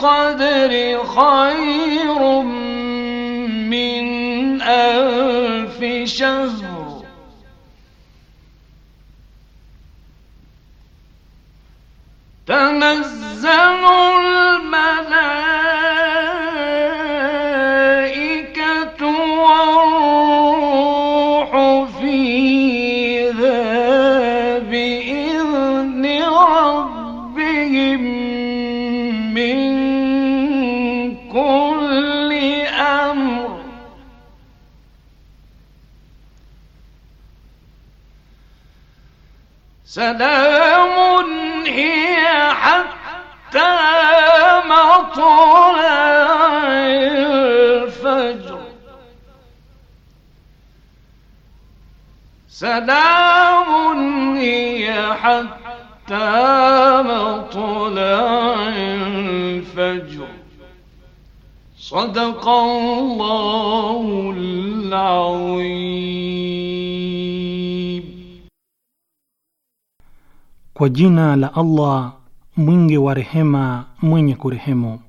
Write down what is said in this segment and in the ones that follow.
قد Kwa jina la Allah mwingi wa rehema mwenye kurehemu.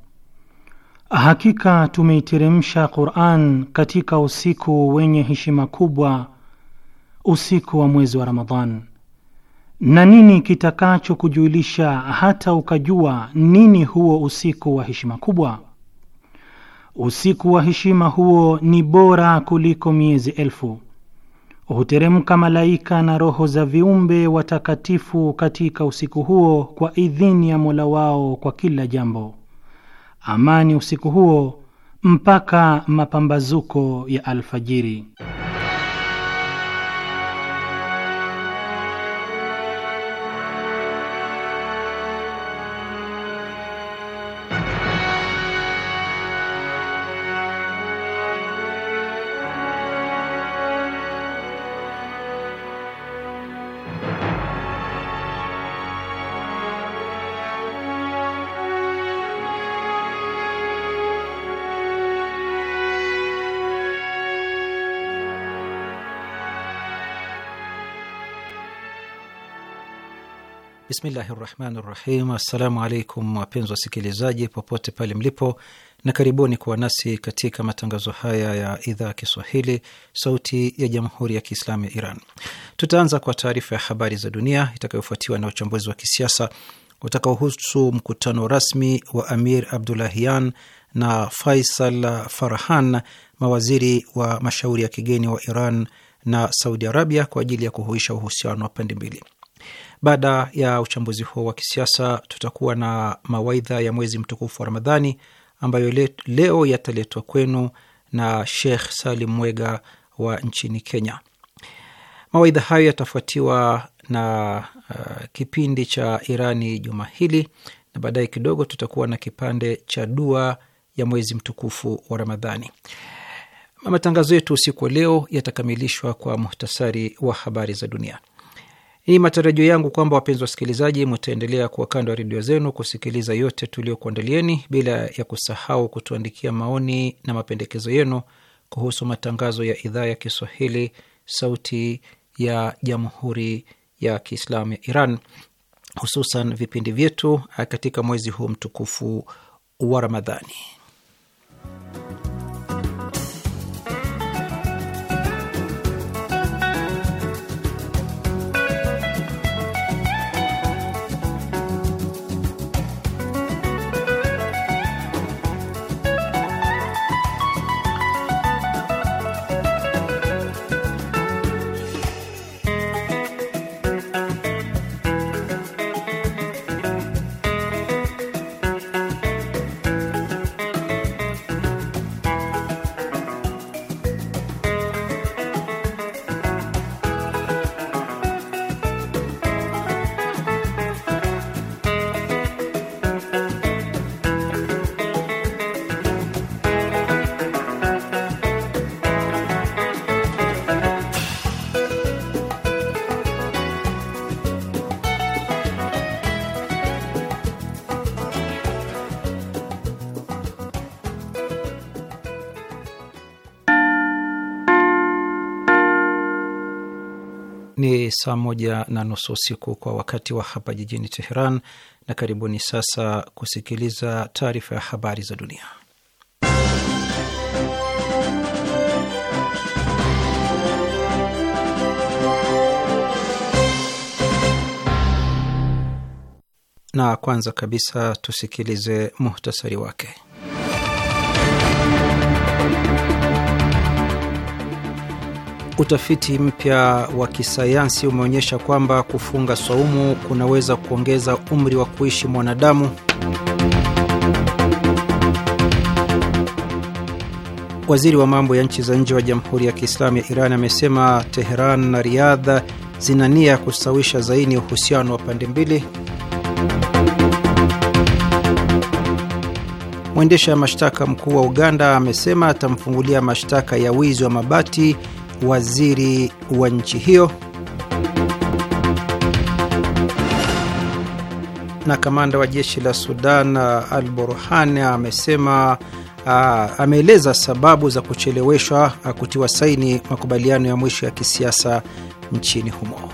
Hakika tumeiteremsha Qur'an katika usiku wenye heshima kubwa usiku wa mwezi wa Ramadhan. Na nini kitakachokujulisha hata ukajua nini huo usiku wa heshima kubwa? Usiku wa heshima huo ni bora kuliko miezi elfu. Huteremka malaika na roho za viumbe watakatifu katika usiku huo kwa idhini ya Mola wao kwa kila jambo. Amani usiku huo mpaka mapambazuko ya alfajiri. Bismillahi rahmani rahim. Assalamu alaikum wapenzi wasikilizaji popote pale mlipo, na karibuni kuwa nasi katika matangazo haya ya idhaa ya Kiswahili, Sauti ya Jamhuri ya Kiislamu ya Iran. Tutaanza kwa taarifa ya habari za dunia itakayofuatiwa na uchambuzi wa kisiasa utakaohusu mkutano rasmi wa Amir Abdulahian na Faisal Farhan, mawaziri wa mashauri ya kigeni wa Iran na Saudi Arabia, kwa ajili ya kuhuisha uhusiano wa pande mbili. Baada ya uchambuzi huo wa kisiasa, tutakuwa na mawaidha ya mwezi mtukufu wa Ramadhani ambayo leo yataletwa kwenu na Sheikh Salim Mwega wa nchini Kenya. Mawaidha hayo yatafuatiwa na uh, kipindi cha Irani juma hili, na baadaye kidogo tutakuwa na kipande cha dua ya mwezi mtukufu wa Ramadhani. Matangazo yetu usiku wa leo yatakamilishwa kwa muhtasari wa habari za dunia. Ni matarajio yangu kwamba wapenzi wasikilizaji, mutaendelea kuwa kando ya redio zenu kusikiliza yote tuliokuandalieni, bila ya kusahau kutuandikia maoni na mapendekezo yenu kuhusu matangazo ya idhaa ya Kiswahili, Sauti ya Jamhuri ya Kiislamu ya Iran, hususan vipindi vyetu katika mwezi huu mtukufu wa Ramadhani. saa moja na nusu usiku kwa wakati wa hapa jijini Teheran, na karibuni sasa kusikiliza taarifa ya habari za dunia. Na kwanza kabisa tusikilize muhtasari wake. Utafiti mpya wa kisayansi umeonyesha kwamba kufunga saumu kunaweza kuongeza umri wa kuishi mwanadamu. Waziri wa mambo ya nchi za nje wa Jamhuri ya Kiislamu ya Iran amesema Teheran na Riadha zina nia ya kustawisha zaidi uhusiano wa pande mbili. Mwendesha mashtaka mkuu wa Uganda amesema atamfungulia mashtaka ya wizi wa mabati waziri wa nchi hiyo na kamanda wa jeshi la Sudan uh, Al Burhan amesema uh, ameeleza sababu za kucheleweshwa uh, kutiwa saini makubaliano ya mwisho ya kisiasa nchini humo.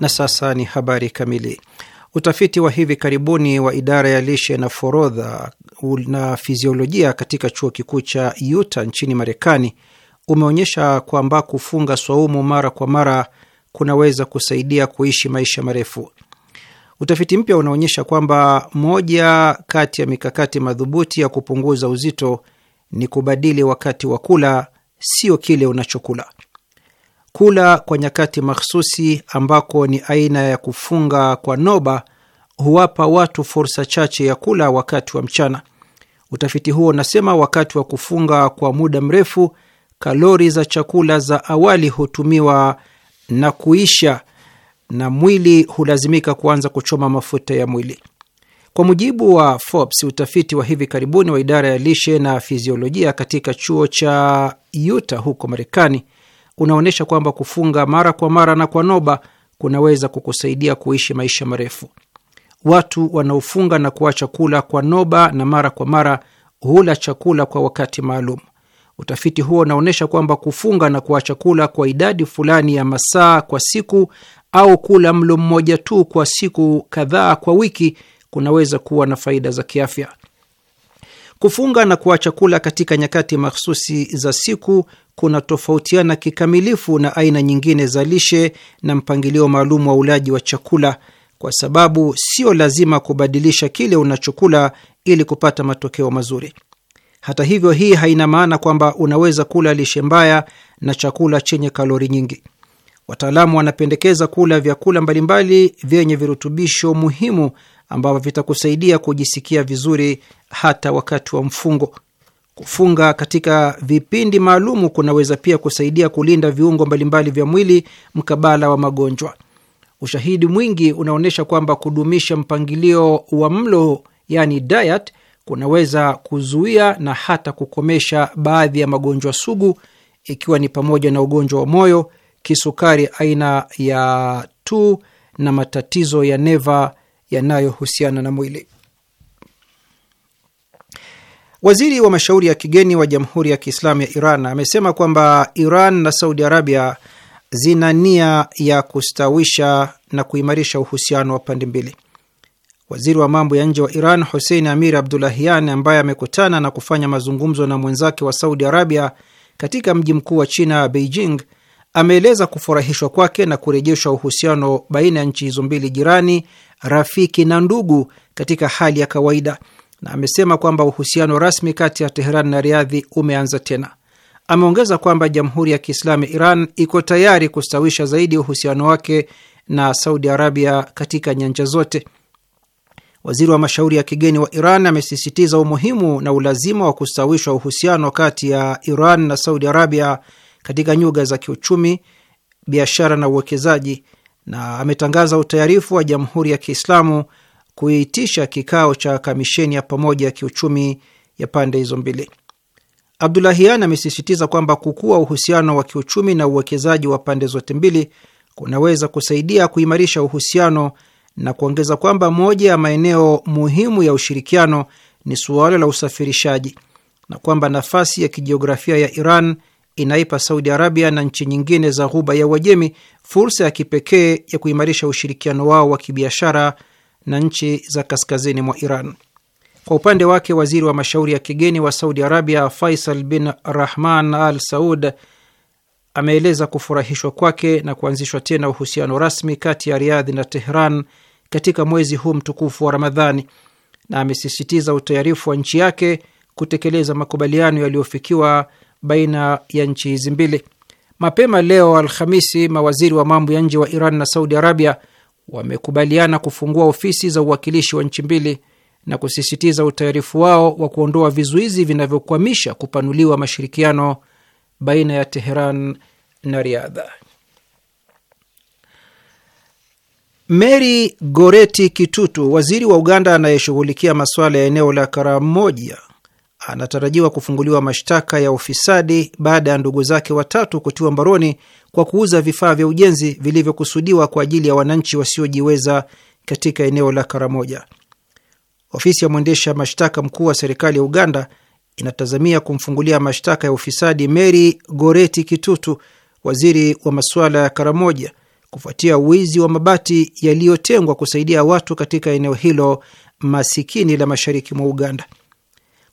Na sasa ni habari kamili. Utafiti wa hivi karibuni wa idara ya lishe na forodha na fiziolojia katika chuo kikuu cha Utah nchini Marekani umeonyesha kwamba kufunga swaumu mara kwa mara kunaweza kusaidia kuishi maisha marefu. Utafiti mpya unaonyesha kwamba moja kati ya mikakati madhubuti ya kupunguza uzito ni kubadili wakati wa kula, sio kile unachokula. Kula kwa nyakati mahsusi ambako ni aina ya kufunga kwa noba huwapa watu fursa chache ya kula wakati wa mchana. Utafiti huo unasema wakati wa kufunga kwa muda mrefu, kalori za chakula za awali hutumiwa na kuisha na mwili hulazimika kuanza kuchoma mafuta ya mwili. Kwa mujibu wa Forbes, utafiti wa hivi karibuni wa idara ya lishe na fiziolojia katika chuo cha Utah huko Marekani unaonyesha kwamba kufunga mara kwa mara na kwa noba kunaweza kukusaidia kuishi maisha marefu. Watu wanaofunga na kuacha kula kwa noba na mara kwa mara hula chakula kwa wakati maalum. Utafiti huo unaonyesha kwamba kufunga na kuacha kula kwa idadi fulani ya masaa kwa siku au kula mlo mmoja tu kwa siku kadhaa kwa wiki kunaweza kuwa na faida za kiafya. Kufunga na kuacha kula katika nyakati mahsusi za siku kunatofautiana kikamilifu na aina nyingine za lishe na mpangilio maalum wa ulaji wa chakula, kwa sababu sio lazima kubadilisha kile unachokula ili kupata matokeo mazuri. Hata hivyo, hii haina maana kwamba unaweza kula lishe mbaya na chakula chenye kalori nyingi. Wataalamu wanapendekeza kula vyakula mbalimbali vyenye virutubisho muhimu ambavyo vitakusaidia kujisikia vizuri hata wakati wa mfungo. Kufunga katika vipindi maalumu kunaweza pia kusaidia kulinda viungo mbalimbali vya mwili mkabala wa magonjwa. Ushahidi mwingi unaonyesha kwamba kudumisha mpangilio wa mlo, yani diet, kunaweza kuzuia na hata kukomesha baadhi ya magonjwa sugu, ikiwa ni pamoja na ugonjwa wa moyo, kisukari aina ya 2 na matatizo ya neva yanayohusiana na mwili. Waziri wa mashauri ya kigeni wa Jamhuri ya Kiislamu ya Iran amesema kwamba Iran na Saudi Arabia zina nia ya kustawisha na kuimarisha uhusiano wa pande mbili. Waziri wa mambo ya nje wa Iran Hussein Amir Abdulahian, ambaye amekutana na kufanya mazungumzo na mwenzake wa Saudi Arabia katika mji mkuu wa China, Beijing, ameeleza kufurahishwa kwake na kurejeshwa uhusiano baina ya nchi hizo mbili jirani rafiki na ndugu katika hali ya kawaida, na amesema kwamba uhusiano rasmi kati ya Teheran na Riadhi umeanza tena. Ameongeza kwamba Jamhuri ya Kiislamu Iran iko tayari kustawisha zaidi uhusiano wake na Saudi Arabia katika nyanja zote. Waziri wa mashauri ya kigeni wa Iran amesisitiza umuhimu na ulazima wa kustawishwa uhusiano kati ya Iran na Saudi Arabia katika nyuga za kiuchumi, biashara na uwekezaji na ametangaza utayarifu wa Jamhuri ya Kiislamu kuitisha kikao cha kamisheni ya pamoja ya kiuchumi ya pande hizo mbili. Abdulahian amesisitiza kwamba kukua uhusiano wa kiuchumi na uwekezaji wa pande zote mbili kunaweza kusaidia kuimarisha uhusiano na kuongeza kwamba moja ya maeneo muhimu ya ushirikiano ni suala la usafirishaji na kwamba nafasi ya kijiografia ya Iran inaipa Saudi Arabia na nchi nyingine za Ghuba ya Uajemi fursa ya kipekee ya kuimarisha ushirikiano wao wa kibiashara na nchi za kaskazini mwa Iran. Kwa upande wake, waziri wa mashauri ya kigeni wa Saudi Arabia Faisal bin Rahman Al Saud ameeleza kufurahishwa kwake na kuanzishwa tena uhusiano rasmi kati ya Riadhi na Tehran katika mwezi huu mtukufu wa Ramadhani na amesisitiza utayarifu wa nchi yake kutekeleza makubaliano yaliyofikiwa baina ya nchi hizi mbili. Mapema leo Alhamisi, mawaziri wa mambo ya nje wa Iran na Saudi Arabia wamekubaliana kufungua ofisi za uwakilishi wa nchi mbili na kusisitiza utayarifu wao wa kuondoa vizuizi vinavyokwamisha kupanuliwa mashirikiano baina ya Teheran na Riadha. Mary Goreti Kitutu, waziri wa Uganda anayeshughulikia masuala ya eneo la Karamoja, anatarajiwa kufunguliwa mashtaka ya ufisadi baada ya ndugu zake watatu kutiwa mbaroni kwa kuuza vifaa vya ujenzi vilivyokusudiwa kwa ajili ya wananchi wasiojiweza katika eneo la Karamoja. Ofisi ya mwendesha mashtaka mkuu wa serikali ya Uganda inatazamia kumfungulia mashtaka ya ufisadi Mary Goreti Kitutu, waziri wa masuala ya Karamoja, kufuatia wizi wa mabati yaliyotengwa kusaidia watu katika eneo hilo masikini la mashariki mwa Uganda.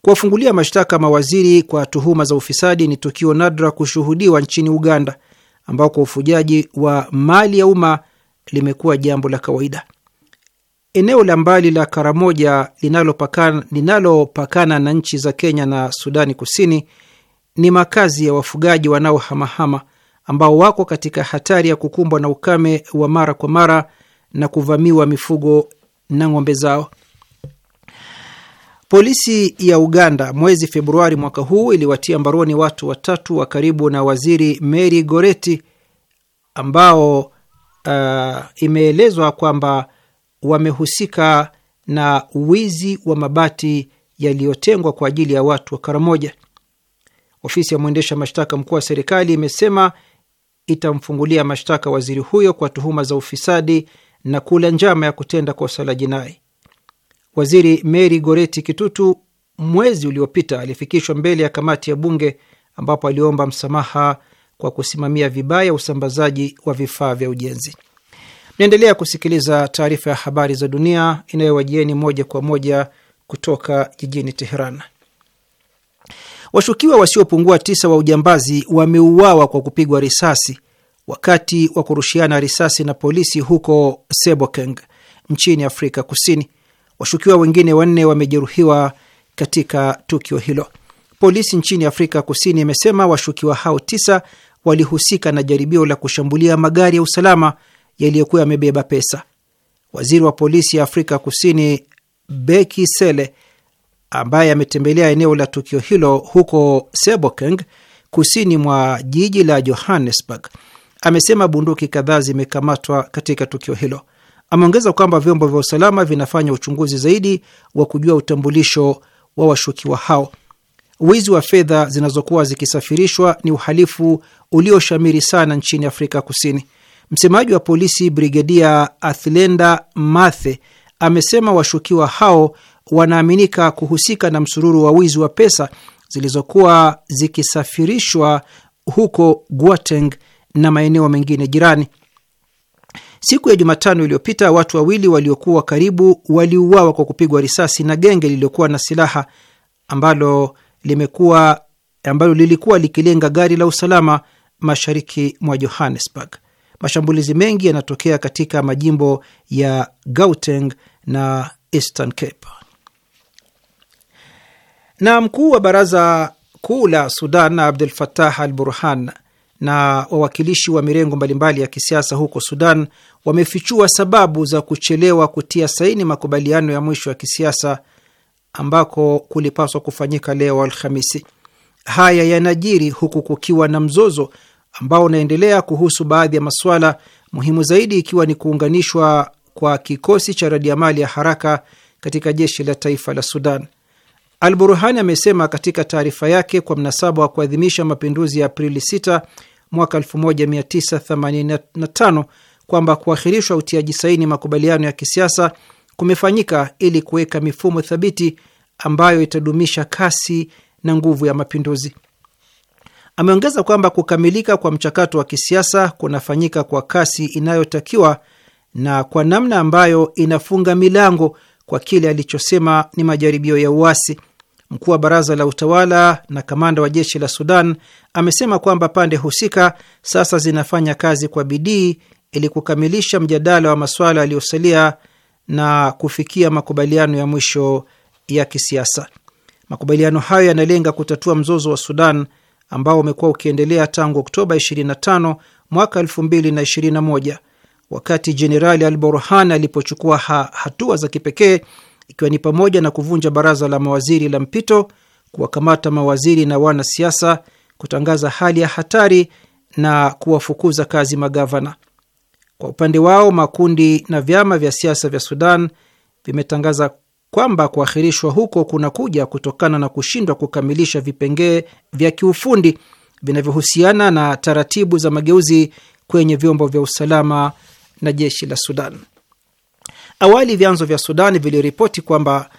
Kuwafungulia mashtaka mawaziri kwa tuhuma za ufisadi ni tukio nadra kushuhudiwa nchini Uganda, ambako ufujaji wa mali ya umma limekuwa jambo la kawaida. Eneo la mbali la Karamoja linalopakana linalopakana na nchi za Kenya na Sudani Kusini ni makazi ya wafugaji wanaohamahama ambao wako katika hatari ya kukumbwa na ukame wa mara kwa mara na kuvamiwa mifugo na ng'ombe zao. Polisi ya Uganda mwezi Februari mwaka huu iliwatia mbaroni watu watatu wa karibu na waziri Mary Goretti ambao uh, imeelezwa kwamba wamehusika na wizi wa mabati yaliyotengwa kwa ajili ya watu wa Karamoja. Ofisi ya mwendesha mashtaka mkuu wa serikali imesema itamfungulia mashtaka waziri huyo kwa tuhuma za ufisadi na kula njama ya kutenda kosa la jinai. Waziri Meri Goreti Kitutu mwezi uliopita alifikishwa mbele ya kamati ya bunge ambapo aliomba msamaha kwa kusimamia vibaya usambazaji wa vifaa vya ujenzi. Mnaendelea kusikiliza taarifa ya habari za dunia inayowajieni moja kwa moja kutoka jijini Teheran. Washukiwa wasiopungua tisa wa ujambazi wameuawa kwa kupigwa risasi wakati wa kurushiana risasi na polisi huko Sebokeng nchini Afrika Kusini. Washukiwa wengine wanne wamejeruhiwa katika tukio hilo. Polisi nchini Afrika Kusini imesema washukiwa hao tisa walihusika na jaribio la kushambulia magari ya usalama yaliyokuwa yamebeba pesa. Waziri wa polisi ya Afrika Kusini Beki Sele, ambaye ametembelea eneo la tukio hilo huko Sebokeng, kusini mwa jiji la Johannesburg, amesema bunduki kadhaa zimekamatwa katika tukio hilo. Ameongeza kwamba vyombo vya usalama vinafanya uchunguzi zaidi wa kujua utambulisho wa washukiwa hao. Wizi wa fedha zinazokuwa zikisafirishwa ni uhalifu ulioshamiri sana nchini Afrika Kusini. Msemaji wa polisi Brigedia Athlenda Mathe amesema washukiwa hao wanaaminika kuhusika na msururu wa wizi wa pesa zilizokuwa zikisafirishwa huko Gauteng na maeneo mengine jirani. Siku ya Jumatano iliyopita watu wawili waliokuwa karibu waliuawa kwa kupigwa risasi na genge lililokuwa na silaha ambalo limekuwa ambalo lilikuwa likilenga gari la usalama mashariki mwa Johannesburg. Mashambulizi mengi yanatokea katika majimbo ya Gauteng na Eastern Cape. Na mkuu wa baraza kuu la Sudan Abdul fatah al Burhan na wawakilishi wa mirengo mbalimbali ya kisiasa huko Sudan wamefichua sababu za kuchelewa kutia saini makubaliano ya mwisho ya kisiasa ambako kulipaswa kufanyika leo Alhamisi. Haya yanajiri huku kukiwa na mzozo ambao unaendelea kuhusu baadhi ya masuala muhimu zaidi, ikiwa ni kuunganishwa kwa kikosi cha radiamali ya haraka katika jeshi la taifa la Sudan alburuhani amesema katika taarifa yake kwa mnasaba wa kuadhimisha mapinduzi ya Aprili 6 mwaka 1985 kwamba kuahirishwa utiaji saini makubaliano ya kisiasa kumefanyika ili kuweka mifumo thabiti ambayo itadumisha kasi na nguvu ya mapinduzi. Ameongeza kwamba kukamilika kwa mchakato wa kisiasa kunafanyika kwa kasi inayotakiwa na kwa namna ambayo inafunga milango kwa kile alichosema ni majaribio ya uasi Mkuu wa baraza la utawala na kamanda wa jeshi la Sudan amesema kwamba pande husika sasa zinafanya kazi kwa bidii ili kukamilisha mjadala wa masuala yaliyosalia na kufikia makubaliano ya mwisho ya kisiasa. Makubaliano hayo yanalenga kutatua mzozo wa Sudan ambao umekuwa ukiendelea tangu Oktoba 25 mwaka 2021 wakati Jenerali Al Burhan alipochukua ha hatua za kipekee ikiwa ni pamoja na kuvunja baraza la mawaziri la mpito, kuwakamata mawaziri na wanasiasa, kutangaza hali ya hatari na kuwafukuza kazi magavana. Kwa upande wao, makundi na vyama vya siasa vya Sudan vimetangaza kwamba kuahirishwa huko kunakuja kutokana na kushindwa kukamilisha vipengee vya kiufundi vinavyohusiana na taratibu za mageuzi kwenye vyombo vya usalama na jeshi la Sudan. Awali vyanzo vya Sudani viliripoti kwamba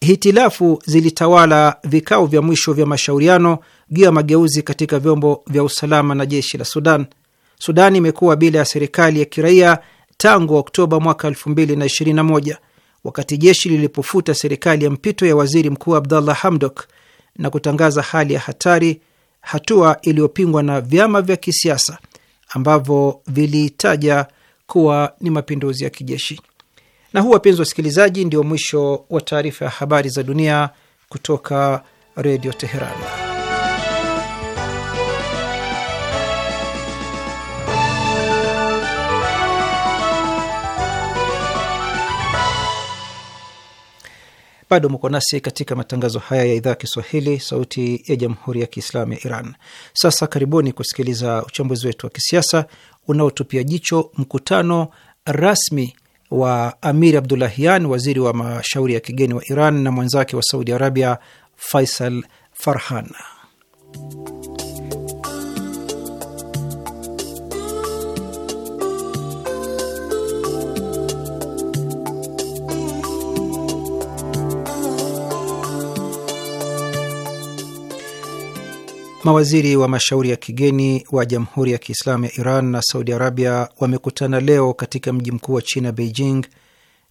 hitilafu zilitawala vikao vya mwisho vya mashauriano juu ya mageuzi katika vyombo vya usalama na jeshi la Sudan. Sudan imekuwa bila ya serikali ya kiraia tangu Oktoba mwaka 2021 wakati jeshi lilipofuta serikali ya mpito ya waziri mkuu Abdallah Hamdok na kutangaza hali ya hatari, hatua iliyopingwa na vyama vya kisiasa ambavyo vilitaja kuwa ni mapinduzi ya kijeshi. Na huu, wapenzi wasikilizaji, ndio mwisho wa taarifa ya habari za dunia kutoka Redio Teheran. Bado mko nasi katika matangazo haya ya idhaa ya Kiswahili, sauti ya jamhuri ya kiislamu ya Iran. Sasa karibuni kusikiliza uchambuzi wetu wa kisiasa unaotupia jicho mkutano rasmi wa Amir Abdullahian, waziri wa mashauri ya kigeni wa Iran, na mwenzake wa Saudi Arabia Faisal Farhan. Mawaziri wa mashauri ya kigeni wa Jamhuri ya Kiislamu ya Iran na Saudi Arabia wamekutana leo katika mji mkuu wa China, Beijing,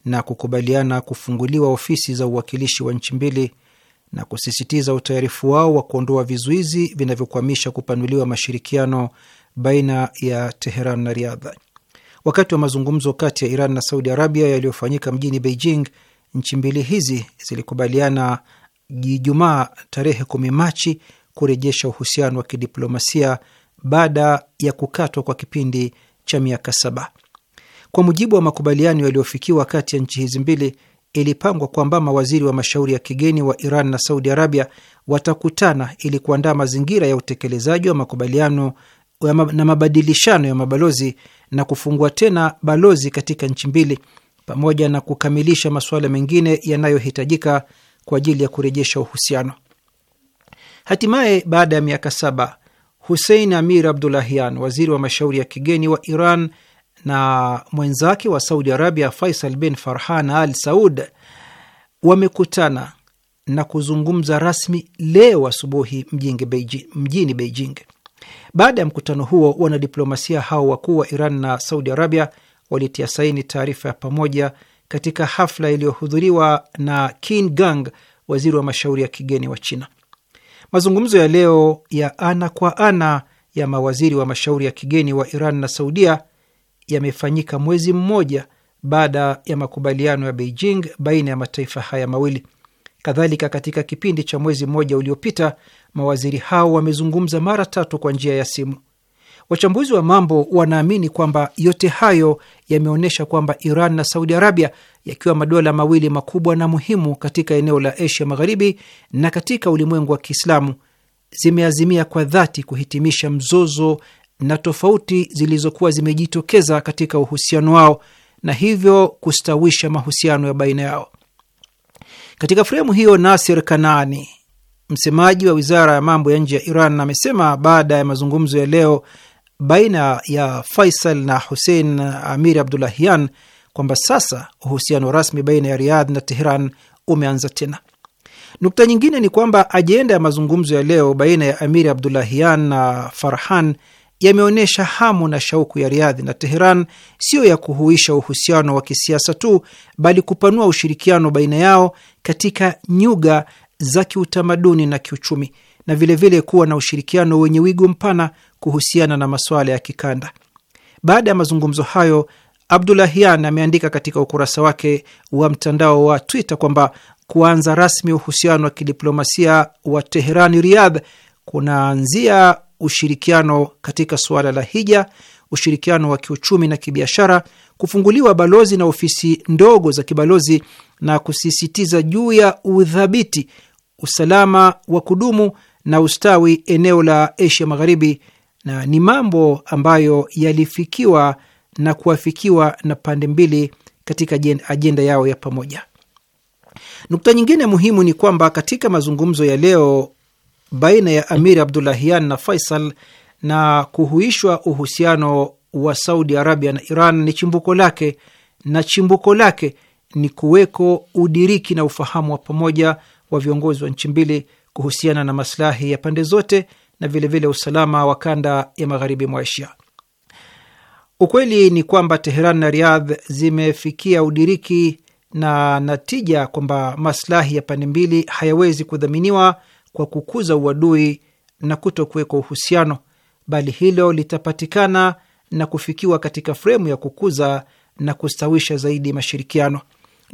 na kukubaliana kufunguliwa ofisi za uwakilishi wa nchi mbili na kusisitiza utayarifu wao wa kuondoa vizuizi vinavyokwamisha kupanuliwa mashirikiano baina ya Teheran na Riadha. Wakati wa mazungumzo kati ya Iran na Saudi Arabia yaliyofanyika mjini Beijing, nchi mbili hizi zilikubaliana Ijumaa tarehe kumi Machi kurejesha uhusiano wa kidiplomasia baada ya kukatwa kwa kipindi cha miaka saba. Kwa mujibu wa makubaliano yaliyofikiwa kati ya nchi hizi mbili, ilipangwa kwamba mawaziri wa mashauri ya kigeni wa Iran na Saudi Arabia watakutana ili kuandaa mazingira ya utekelezaji wa makubaliano na mabadilishano ya mabalozi na kufungua tena balozi katika nchi mbili pamoja na kukamilisha masuala mengine yanayohitajika kwa ajili ya kurejesha uhusiano. Hatimaye, baada ya miaka saba, Hussein Amir Abdulahian, waziri wa mashauri ya kigeni wa Iran, na mwenzake wa Saudi Arabia Faisal bin Farhan Al Saud wamekutana na kuzungumza rasmi leo asubuhi mjini Beijing. Baada ya mkutano huo, wanadiplomasia hao wakuu wa Iran na Saudi Arabia walitia saini taarifa ya pamoja katika hafla iliyohudhuriwa na Qin Gang, waziri wa mashauri ya kigeni wa China. Mazungumzo ya leo ya ana kwa ana ya mawaziri wa mashauri ya kigeni wa Iran na Saudia yamefanyika mwezi mmoja baada ya makubaliano ya Beijing baina ya mataifa haya mawili. Kadhalika, katika kipindi cha mwezi mmoja uliopita, mawaziri hao wamezungumza mara tatu kwa njia ya simu. Wachambuzi wa mambo wanaamini kwamba yote hayo yameonyesha kwamba Iran na Saudi Arabia, yakiwa madola mawili makubwa na muhimu katika eneo la Asia Magharibi na katika ulimwengu wa Kiislamu, zimeazimia kwa dhati kuhitimisha mzozo na tofauti zilizokuwa zimejitokeza katika uhusiano wao na hivyo kustawisha mahusiano ya baina yao. Katika fremu hiyo, Nasir Kanaani, msemaji wa wizara ya mambo ya nje ya Iran, amesema baada ya mazungumzo ya leo baina ya Faisal na Hussein Amir Abdullahian kwamba sasa uhusiano rasmi baina ya Riyadh na Tehran umeanza tena. Nukta nyingine ni kwamba ajenda ya mazungumzo ya leo baina ya Amir Abdullahian na Farhan yameonyesha hamu na shauku ya Riadhi na Teheran siyo ya kuhuisha uhusiano wa kisiasa tu, bali kupanua ushirikiano baina yao katika nyuga za kiutamaduni na kiuchumi, na vilevile vile kuwa na ushirikiano wenye wigo mpana kuhusiana na masuala ya kikanda. Baada ya mazungumzo hayo, Abdulahian ameandika katika ukurasa wake wa mtandao wa Twitter kwamba kuanza rasmi uhusiano wa kidiplomasia wa Teherani Riyadh kunaanzia ushirikiano katika suala la hija, ushirikiano wa kiuchumi na kibiashara, kufunguliwa balozi na ofisi ndogo za kibalozi, na kusisitiza juu ya udhabiti, usalama wa kudumu na ustawi eneo la Asia Magharibi na ni mambo ambayo yalifikiwa na kuafikiwa na pande mbili katika ajenda yao ya pamoja. Nukta nyingine muhimu ni kwamba katika mazungumzo ya leo baina ya Amir Abdulahian na Faisal na kuhuishwa uhusiano wa Saudi Arabia na Iran ni chimbuko lake na chimbuko lake ni kuweko udiriki na ufahamu wa pamoja wa viongozi wa nchi mbili kuhusiana na maslahi ya pande zote na vilevile vile usalama wa kanda ya magharibi mwa Asia. Ukweli ni kwamba Teheran na Riyadh zimefikia udiriki na natija kwamba maslahi ya pande mbili hayawezi kudhaminiwa kwa kukuza uadui na kuto kuwekwa uhusiano, bali hilo litapatikana na kufikiwa katika fremu ya kukuza na kustawisha zaidi mashirikiano.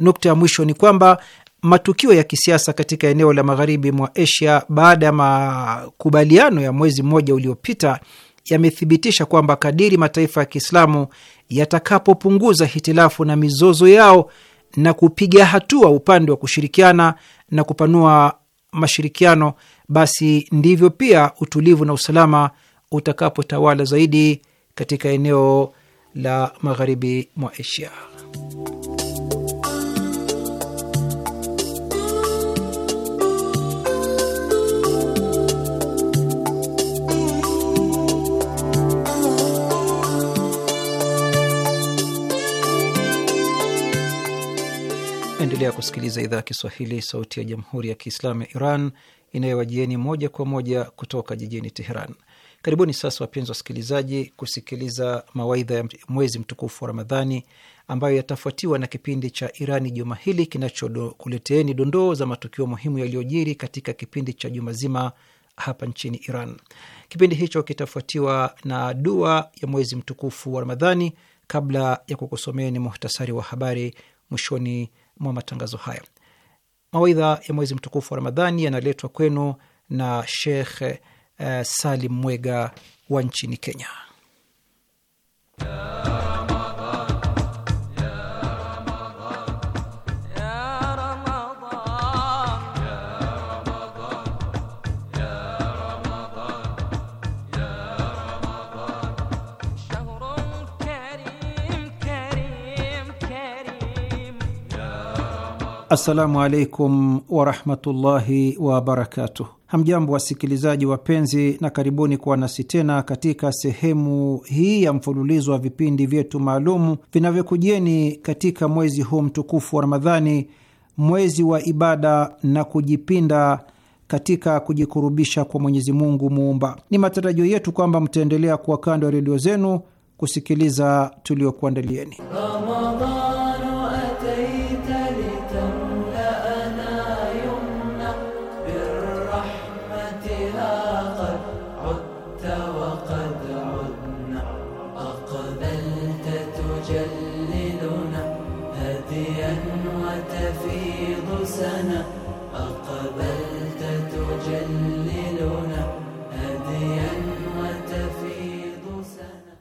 Nukta ya mwisho ni kwamba matukio ya kisiasa katika eneo la magharibi mwa Asia baada ya makubaliano ya mwezi mmoja uliopita yamethibitisha kwamba kadiri mataifa ya Kiislamu yatakapopunguza hitilafu na mizozo yao na kupiga hatua upande wa kushirikiana na kupanua mashirikiano, basi ndivyo pia utulivu na usalama utakapotawala zaidi katika eneo la magharibi mwa Asia. Unaendelea kusikiliza idhaa ya Kiswahili, sauti ya jamhuri ya kiislamu ya Iran inayowajieni moja kwa moja kutoka jijini Teheran. Karibuni sasa, wapenzi wasikilizaji, kusikiliza mawaidha ya mwezi mtukufu wa Ramadhani ambayo yatafuatiwa na kipindi cha Irani juma hili kinachokuleteeni dondoo za matukio muhimu yaliyojiri katika kipindi cha juma zima hapa nchini Iran. Kipindi hicho kitafuatiwa na dua ya mwezi mtukufu wa Ramadhani kabla ya ni muhtasari wa habari mwishoni mwa matangazo haya. Mawaidha ya mwezi mtukufu wa Ramadhani yanaletwa kwenu na Shekh uh, eh, Salim Mwega wa nchini Kenya. Assalamu alaikum warahmatullahi wabarakatuh. Hamjambo wasikilizaji wapenzi, na karibuni kuwa nasi tena katika sehemu hii ya mfululizo wa vipindi vyetu maalum vinavyokujieni katika mwezi huu mtukufu wa Ramadhani, mwezi wa ibada na kujipinda katika kujikurubisha kwa Mwenyezi Mungu Muumba. Ni matarajio yetu kwamba mtaendelea kuwa kando ya redio zenu kusikiliza tuliokuandalieni Ramadhani.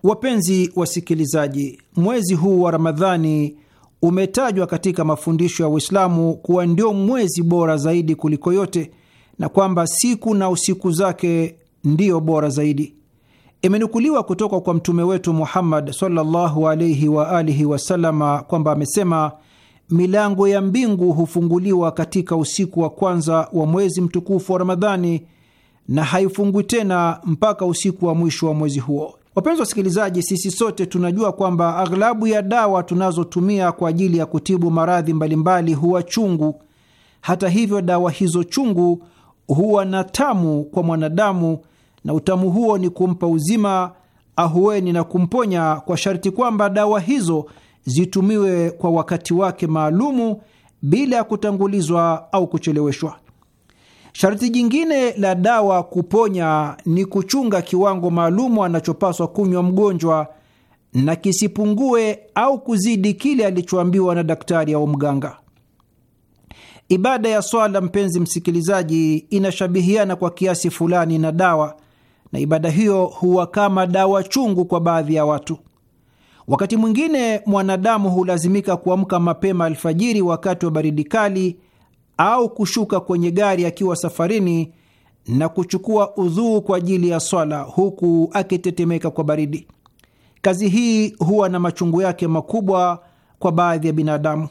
Wapenzi wasikilizaji, mwezi huu wa Ramadhani umetajwa katika mafundisho ya Uislamu kuwa ndio mwezi bora zaidi kuliko yote na kwamba siku na usiku zake ndiyo bora zaidi. Imenukuliwa kutoka kwa mtume wetu Muhammad sallallahu alaihi wa alihi kwamba amesema, milango ya mbingu hufunguliwa katika usiku wa kwanza wa mwezi mtukufu wa Ramadhani na haifungwi tena mpaka usiku wa mwisho wa mwezi huo. Wapenzi wasikilizaji, sisi sote tunajua kwamba aghlabu ya dawa tunazotumia kwa ajili ya kutibu maradhi mbalimbali huwa chungu. Hata hivyo, dawa hizo chungu huwa na tamu kwa mwanadamu, na utamu huo ni kumpa uzima, ahueni na kumponya, kwa sharti kwamba dawa hizo zitumiwe kwa wakati wake maalumu bila ya kutangulizwa au kucheleweshwa. Sharti jingine la dawa kuponya ni kuchunga kiwango maalumu anachopaswa kunywa mgonjwa na kisipungue au kuzidi kile alichoambiwa na daktari au mganga. Ibada ya swala, mpenzi msikilizaji, inashabihiana kwa kiasi fulani na dawa, na ibada hiyo huwa kama dawa chungu kwa baadhi ya watu. Wakati mwingine mwanadamu hulazimika kuamka mapema alfajiri wakati wa baridi kali au kushuka kwenye gari akiwa safarini na kuchukua udhuu kwa ajili ya swala huku akitetemeka kwa baridi. Kazi hii huwa na machungu yake makubwa kwa baadhi ya binadamu.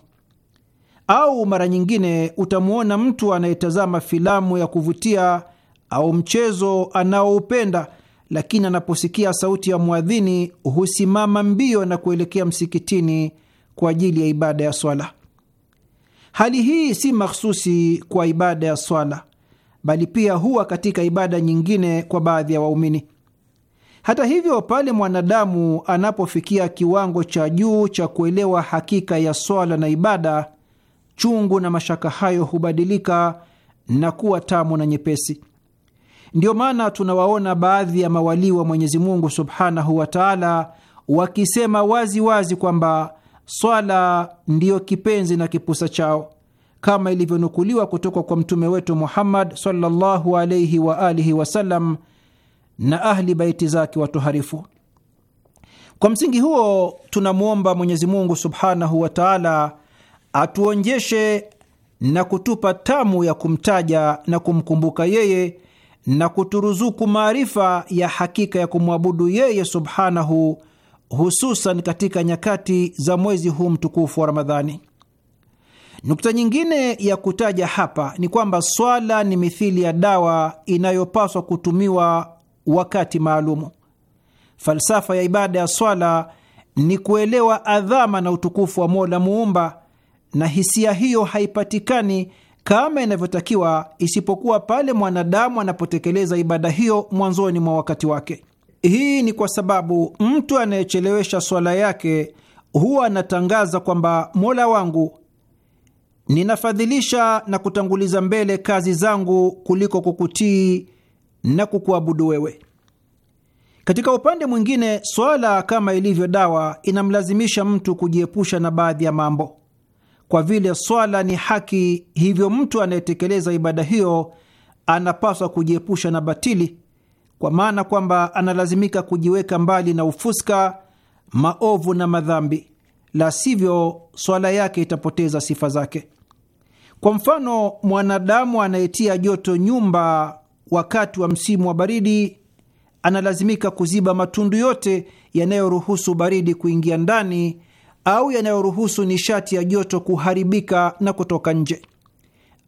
Au mara nyingine utamwona mtu anayetazama filamu ya kuvutia au mchezo anaoupenda, lakini anaposikia sauti ya mwadhini husimama mbio na kuelekea msikitini kwa ajili ya ibada ya swala. Hali hii si mahsusi kwa ibada ya swala, bali pia huwa katika ibada nyingine kwa baadhi ya waumini. Hata hivyo, pale mwanadamu anapofikia kiwango cha juu cha kuelewa hakika ya swala na ibada chungu na mashaka hayo hubadilika na kuwa tamu na nyepesi. Ndiyo maana tunawaona baadhi ya mawalii wa Mwenyezi Mungu subhanahu wa taala wakisema wazi wazi kwamba swala ndiyo kipenzi na kipusa chao, kama ilivyonukuliwa kutoka kwa mtume wetu Muhammad sallallahu alaihi wa alihi wasallam na ahli baiti zake watoharifu. Kwa msingi huo tunamwomba Mwenyezi Mungu subhanahu wa taala atuonjeshe na kutupa tamu ya kumtaja na kumkumbuka yeye na kuturuzuku maarifa ya hakika ya kumwabudu yeye subhanahu, hususan katika nyakati za mwezi huu mtukufu wa Ramadhani. Nukta nyingine ya kutaja hapa ni kwamba swala ni mithili ya dawa inayopaswa kutumiwa wakati maalumu. Falsafa ya ibada ya swala ni kuelewa adhama na utukufu wa Mola Muumba na hisia hiyo haipatikani kama inavyotakiwa isipokuwa pale mwanadamu anapotekeleza ibada hiyo mwanzoni mwa wakati wake. Hii ni kwa sababu mtu anayechelewesha swala yake huwa anatangaza kwamba Mola wangu, ninafadhilisha na kutanguliza mbele kazi zangu kuliko kukutii na kukuabudu wewe. Katika upande mwingine, swala kama ilivyo dawa inamlazimisha mtu kujiepusha na baadhi ya mambo kwa vile swala ni haki, hivyo mtu anayetekeleza ibada hiyo anapaswa kujiepusha na batili, kwa maana kwamba analazimika kujiweka mbali na ufuska, maovu na madhambi, la sivyo swala yake itapoteza sifa zake. Kwa mfano, mwanadamu anayetia joto nyumba wakati wa msimu wa baridi analazimika kuziba matundu yote yanayoruhusu baridi kuingia ndani au yanayoruhusu nishati ya joto kuharibika na kutoka nje.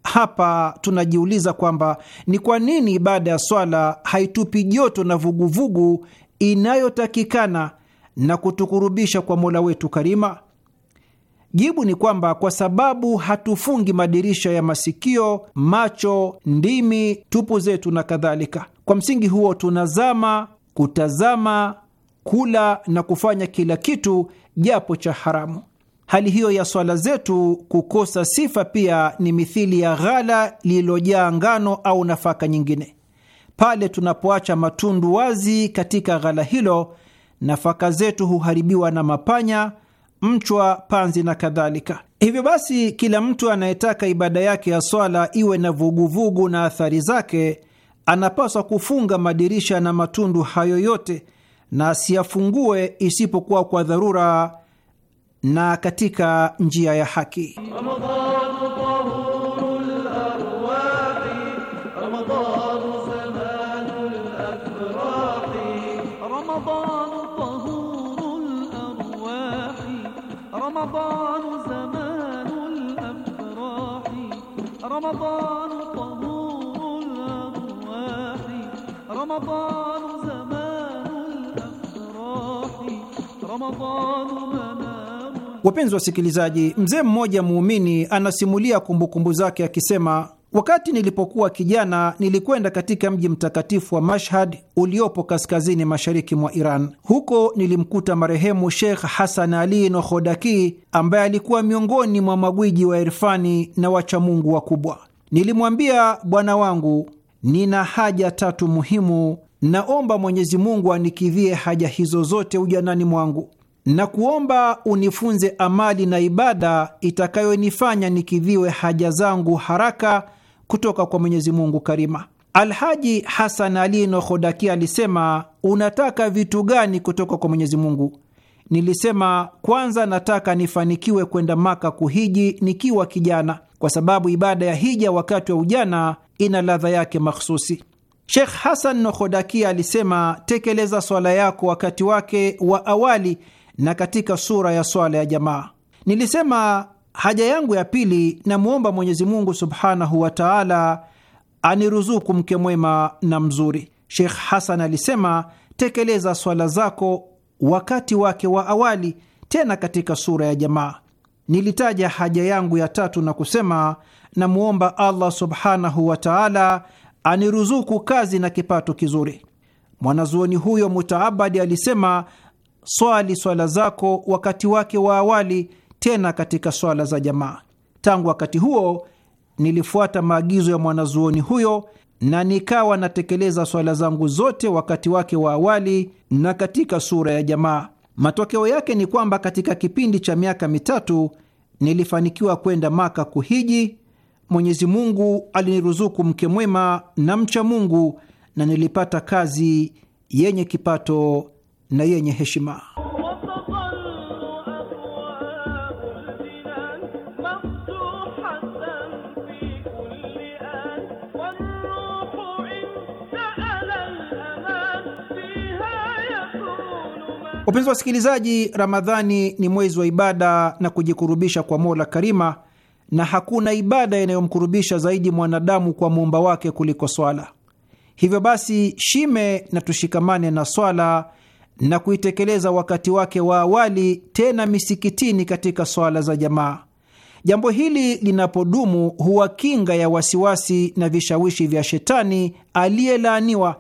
Hapa tunajiuliza kwamba ni kwa nini baada ya swala haitupi joto na vuguvugu inayotakikana na kutukurubisha kwa Mola wetu Karima? Jibu ni kwamba kwa sababu hatufungi madirisha ya masikio, macho, ndimi, tupu zetu na kadhalika. Kwa msingi huo tunazama, kutazama, kula na kufanya kila kitu japo cha haramu. Hali hiyo ya swala zetu kukosa sifa pia ni mithili ya ghala lililojaa ngano au nafaka nyingine. Pale tunapoacha matundu wazi katika ghala hilo, nafaka zetu huharibiwa na mapanya, mchwa, panzi na kadhalika. Hivyo basi, kila mtu anayetaka ibada yake ya swala iwe na vuguvugu na athari zake, anapaswa kufunga madirisha na matundu hayo yote na siafungue isipokuwa kwa dharura na katika njia ya haki. Ramadhanu Wapenzi wasikilizaji, mzee mmoja muumini anasimulia kumbukumbu zake akisema, wakati nilipokuwa kijana nilikwenda katika mji mtakatifu wa Mashhad uliopo kaskazini mashariki mwa Iran. Huko nilimkuta marehemu Sheikh Hasan Ali Nohodaki ambaye alikuwa miongoni mwa magwiji wa Irfani na wachamungu wakubwa. Nilimwambia, bwana wangu, nina haja tatu muhimu naomba Mwenyezi Mungu anikidhie haja hizo zote ujanani mwangu na kuomba unifunze amali na ibada itakayonifanya nikidhiwe haja zangu haraka kutoka kwa Mwenyezi Mungu Karima. Alhaji Hasan Ali nohodaki alisema, unataka vitu gani kutoka kwa Mwenyezi Mungu? Nilisema, kwanza nataka nifanikiwe kwenda Maka kuhiji nikiwa kijana, kwa sababu ibada ya hija wakati wa ujana ina ladha yake mahsusi. Shekh Hasan Nohodakia alisema, tekeleza swala yako wakati wake wa awali na katika sura ya swala ya jamaa. Nilisema haja yangu ya pili, namwomba Mwenyezi Mungu subhanahu wa taala aniruzuku mke mwema na mzuri. Shekh Hasan alisema, tekeleza swala zako wakati wake wa awali, tena katika sura ya jamaa. Nilitaja haja yangu ya tatu na kusema, namwomba Allah subhanahu wa taala aniruzuku kazi na kipato kizuri. Mwanazuoni huyo mutaabadi alisema, swali swala zako wakati wake wa awali, tena katika swala za jamaa. Tangu wakati huo nilifuata maagizo ya mwanazuoni huyo na nikawa natekeleza swala zangu zote wakati wake wa awali na katika sura ya jamaa. Matokeo yake ni kwamba katika kipindi cha miaka mitatu nilifanikiwa kwenda Maka kuhiji Mwenyezi Mungu aliniruzuku mke mwema na mcha Mungu, na nilipata kazi yenye kipato na yenye heshima. Wapenzi wasikilizaji, Ramadhani ni mwezi wa ibada na kujikurubisha kwa Mola Karima na hakuna ibada inayomkurubisha zaidi mwanadamu kwa muumba wake kuliko swala. Hivyo basi, shime na tushikamane na swala na kuitekeleza wakati wake wa awali, tena misikitini, katika swala za jamaa. Jambo hili linapodumu huwa kinga ya wasiwasi na vishawishi vya shetani aliyelaaniwa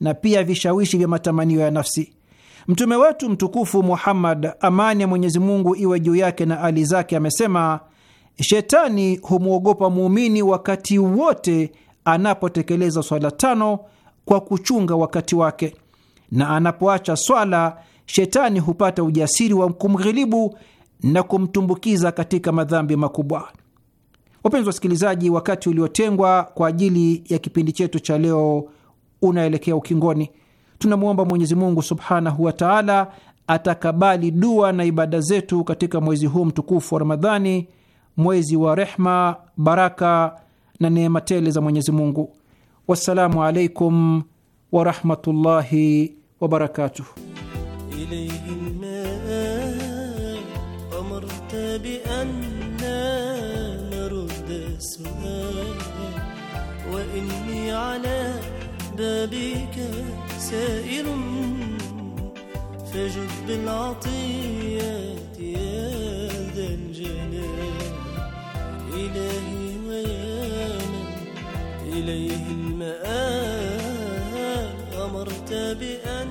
na pia vishawishi vya matamanio ya nafsi. Mtume wetu mtukufu Muhammad, amani ya Mwenyezi Mungu iwe juu yake na ali zake, amesema Shetani humwogopa muumini wakati wote anapotekeleza swala tano kwa kuchunga wakati wake, na anapoacha swala shetani hupata ujasiri wa kumghilibu na kumtumbukiza katika madhambi makubwa. Wapenzi wasikilizaji, wakati uliotengwa kwa ajili ya kipindi chetu cha leo unaelekea ukingoni. Tunamwomba Mwenyezi Mungu subhanahu wa taala atakabali dua na ibada zetu katika mwezi huu mtukufu wa Ramadhani mwezi wa rehma, baraka na neema tele za Mwenyezi Mungu. Wassalamu alaikum warahmatullahi wabarakatuh. إلهي ويا إليه المآل أمرت بأن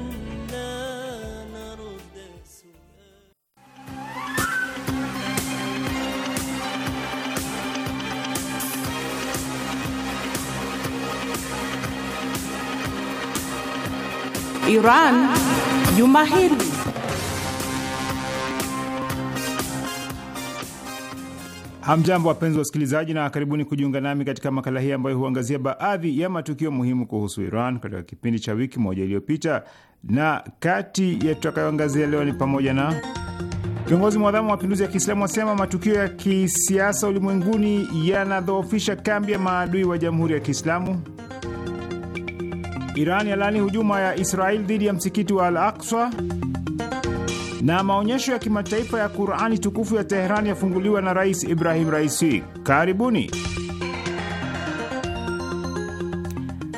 إيران يمهل Hamjambo, wapenzi wasikilizaji, na karibuni kujiunga nami katika makala hii ambayo huangazia baadhi ya matukio muhimu kuhusu Iran katika kipindi cha wiki moja iliyopita, na kati ya tutakayoangazia leo ni pamoja na Kiongozi mwadhamu wa mapinduzi ya Kiislamu wasema matukio ya kisiasa ulimwenguni yanadhoofisha kambi ya maadui wa jamhuri ya Kiislamu. Iran yalani hujuma ya Israel dhidi ya msikiti wa Al Aqsa na maonyesho ya kimataifa ya Qurani tukufu ya Teherani yafunguliwa na Rais Ibrahim Raisi. Karibuni.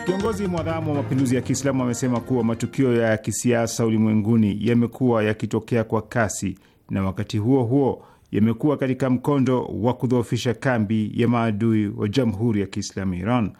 Kiongozi mwadhamu wa mapinduzi ya Kiislamu amesema kuwa matukio ya kisiasa ulimwenguni yamekuwa yakitokea kwa kasi na wakati huo huo yamekuwa katika mkondo wa kudhoofisha kambi ya maadui wa Jamhuri ya Kiislamu Iran.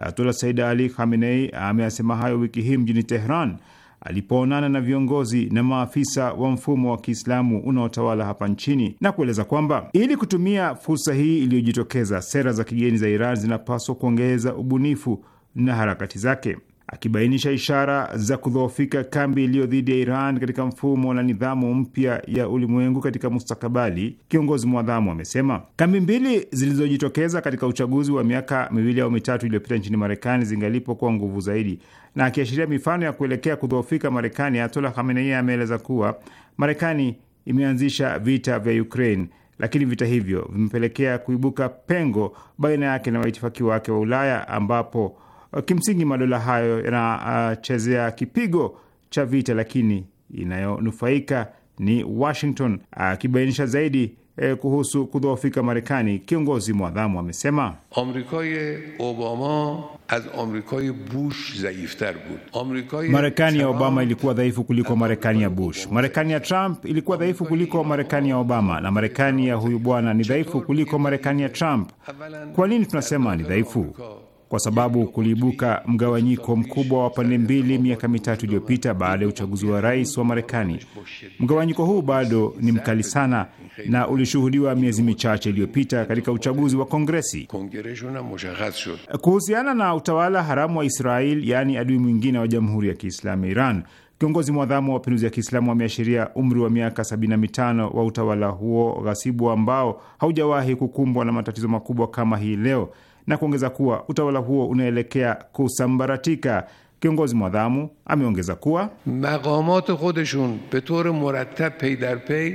Ayatullah saida Ali Khamenei ameyasema hayo wiki hii mjini Tehran alipoonana na viongozi na maafisa wa mfumo wa Kiislamu unaotawala hapa nchini na kueleza kwamba ili kutumia fursa hii iliyojitokeza, sera za kigeni za Iran zinapaswa kuongeza ubunifu na harakati zake akibainisha ishara za kudhoofika kambi iliyo dhidi ya Iran katika mfumo na nidhamu mpya ya ulimwengu katika mustakabali. Kiongozi mwadhamu amesema kambi mbili zilizojitokeza katika uchaguzi wa miaka miwili au mitatu iliyopita nchini Marekani zingalipo kuwa nguvu zaidi, na akiashiria mifano ya kuelekea kudhoofika Marekani, Ayatollah Khamenei ameeleza kuwa Marekani imeanzisha vita vya Ukraine lakini vita hivyo vimepelekea kuibuka pengo baina yake na waitifaki wake wa Ulaya ambapo Uh, kimsingi, madola hayo yanachezea uh, kipigo cha vita, lakini inayonufaika ni Washington. Akibainisha uh, zaidi eh, kuhusu kudhoofika Marekani, kiongozi mwadhamu amesema Marekani ya Obama ilikuwa dhaifu kuliko Marekani ya Bush. Marekani ya Trump ilikuwa dhaifu kuliko Marekani ya Obama, na Marekani ya huyu bwana ni dhaifu kuliko Marekani ya Trump. Kwa nini tunasema ni dhaifu? kwa sababu kuliibuka mgawanyiko mkubwa wa pande mbili miaka mitatu iliyopita baada ya uchaguzi wa rais wa Marekani. Mgawanyiko huu bado ni mkali sana na ulishuhudiwa miezi michache iliyopita katika uchaguzi wa Kongresi. Kuhusiana na utawala haramu wa Israel, yaani adui mwingine wa Jamhuri ya Kiislamu ya Iran, Kiongozi mwadhamu wa mapinduzi ya Kiislamu ameashiria umri wa miaka 75 wa utawala huo ghasibu ambao haujawahi kukumbwa na matatizo makubwa kama hii leo na kuongeza kuwa utawala huo unaelekea kusambaratika. Kiongozi mwadhamu ameongeza kuwa khodeshun murattab pey dar pey